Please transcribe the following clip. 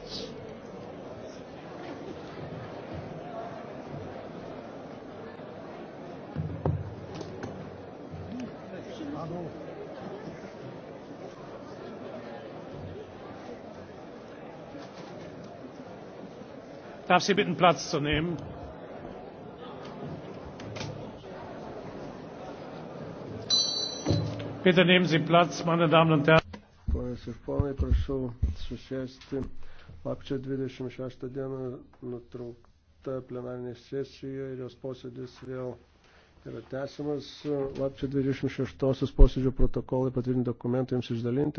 votes. darf sie bitten platz zu nehmen. bitte nehmen sie platz meine damen und herren! Ponas ir ponai, prašau susėsti. Lapčio 26 dieną nutraukta plenarinė sesija ir jos posėdis vėl yra tęsiamas. Lapčio 26 posėdžio protokolai patvirtinti dokumentai jums išdalinti.